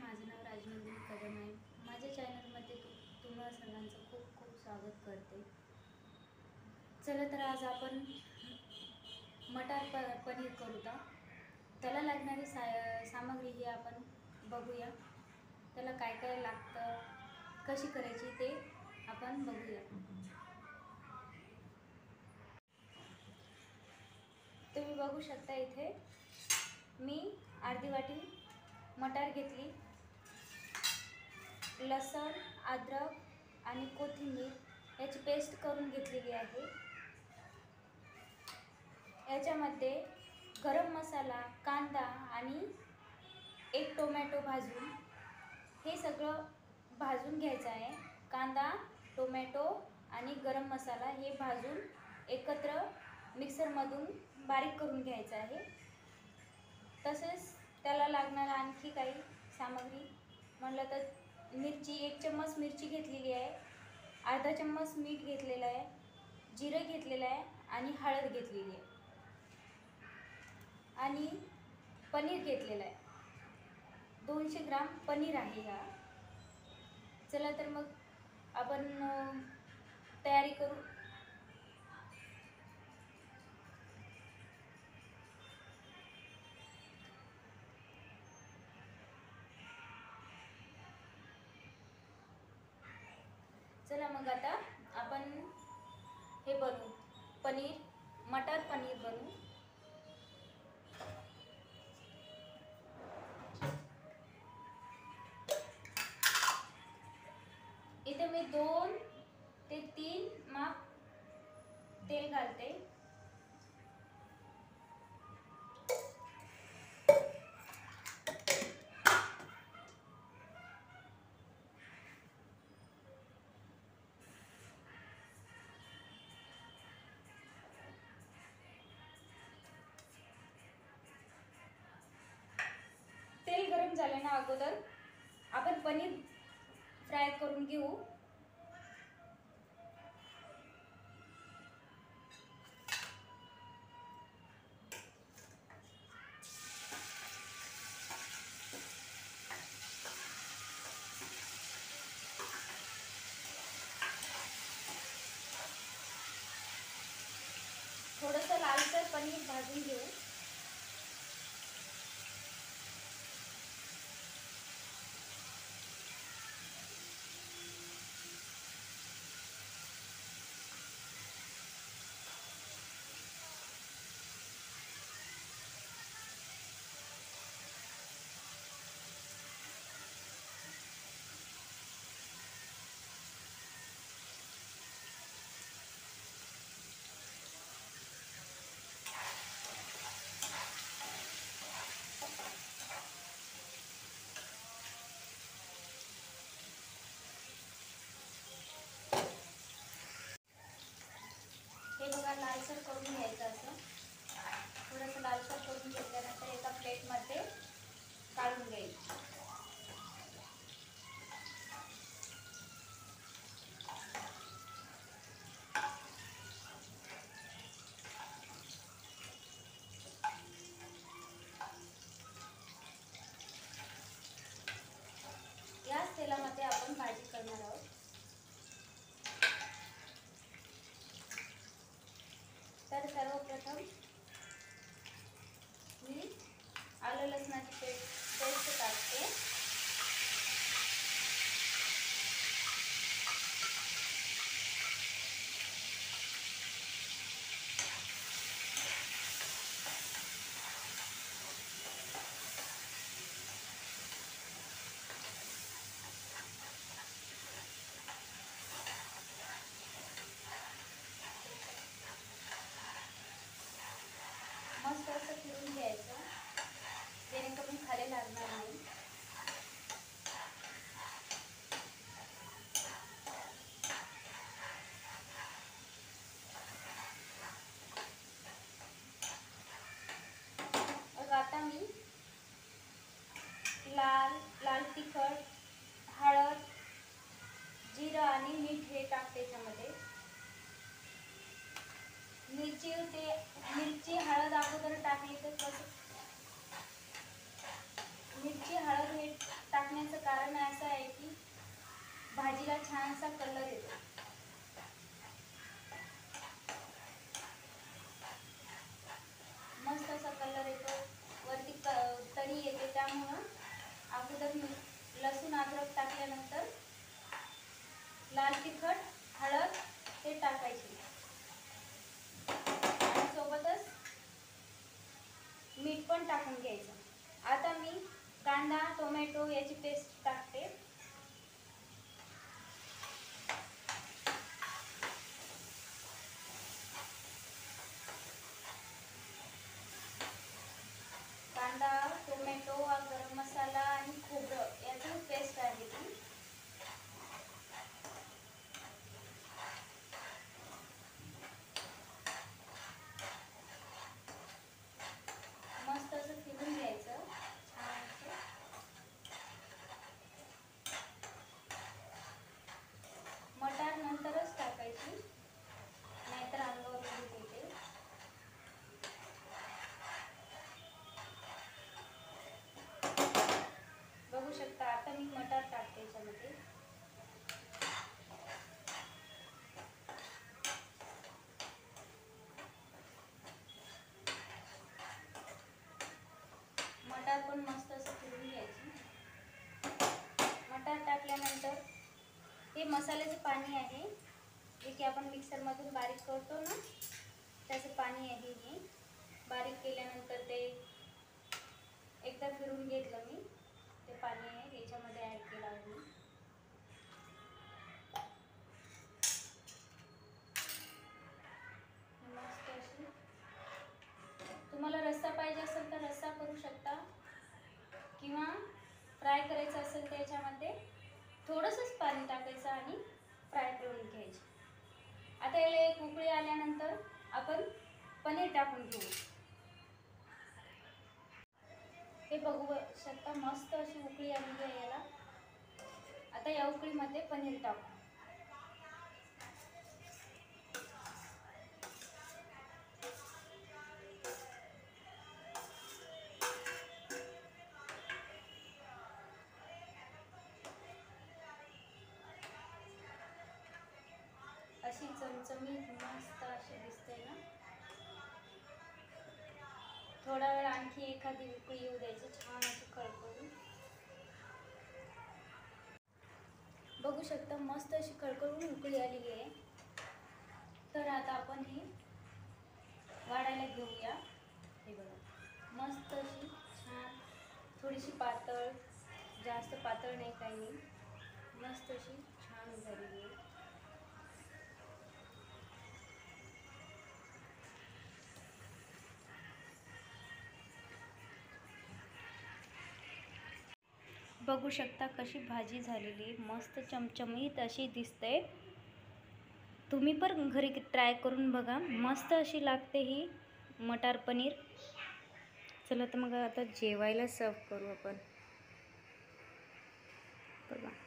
माझं नाव राजनंदिनी कदम आहे माझ्या चॅनलमध्ये तु तुम्हा सर्वांचं खूप खूप स्वागत करते चला तर आज आपण मटार प पनीर ता त्याला लागणारी सा सामग्री ही आपण बघूया त्याला काय काय लागतं कशी करायची ते आपण बघूया तुम्ही बघू शकता इथे मी अर्धी वाटी मटार घेतली अद्रक आणि कोथिंबीर याची पेस्ट करून घेतलेली आहे याच्यामध्ये गरम मसाला कांदा आणि एक टोमॅटो भाजून हे सगळं भाजून घ्यायचं आहे कांदा टोमॅटो आणि गरम मसाला हे भाजून एकत्र मिक्सरमधून बारीक करून घ्यायचं आहे तसेच त्याला लागणारा आणखी काही सामग्री म्हटलं तर मिरची एक चम्मच मिरची घेतलेली आहे अर्धा चम्मच मीठ घेतलेलं आहे जिरं घेतलेलं आहे आणि हळद घेतलेली आहे आणि पनीर घेतलेलं आहे दोनशे ग्राम पनीर आहे हा चला तर मग चला मग आता आपण हे बनवू पनीर मटर पनीर बनवू इथे मी दोन ते तीन माप तेल घालते महिना अगोदर आपण पनीर फ्राय करून घेऊ थोडंसं लालसर पनीर भाजून घेऊ मिरची ते मिरची हळद अगोदर टाकली मिरची हळद हे टाकण्याचं कारण असं आहे की भाजीला छानसा comentou e é de pesquisa. मसाल्याचं पाणी आहे जे की आपण मिक्सरमधून बारीक करतो ना त्याचं पाणी आहे हे बारीक केल्यानंतर ते एकदा फिरून घेतलं मी ते पाणी आहे याच्यामध्ये ॲड केलं आहे मस्त तुम्हाला रस्सा पाहिजे असेल तर रस्सा करू शकता किंवा फ्राय करायचं असेल तर याच्यामध्ये थोडंसंच पाणी टाकायचं आणि फ्राय करून घ्यायचं आता याला एक उकळी आल्यानंतर आपण पनीर टाकून घेऊ हे बघू शकता मस्त अशी उकळी आलेली आहे याला आता या उकळीमध्ये पनीर टाकू चमचमी मस्त अशी दिसते ना थोडा वेळ आणखी एखादी उकळी येऊ द्यायची छान अशी कळकळून बघू शकता मस्त अशी कळकळून उकळी आलेली आहे तर आता आपण ही वाढायला घेऊया हे बघा मस्त अशी छान थोडीशी पातळ जास्त पातळ नाही काही मस्त अशी छान झालेली आहे बघू शकता कशी भाजी झालेली मस्त चमचमीत अशी दिसते तुम्ही पण घरी ट्राय करून बघा मस्त अशी लागते ही मटार पनीर चला तर मग आता जेवायला सर्व करू आपण बघा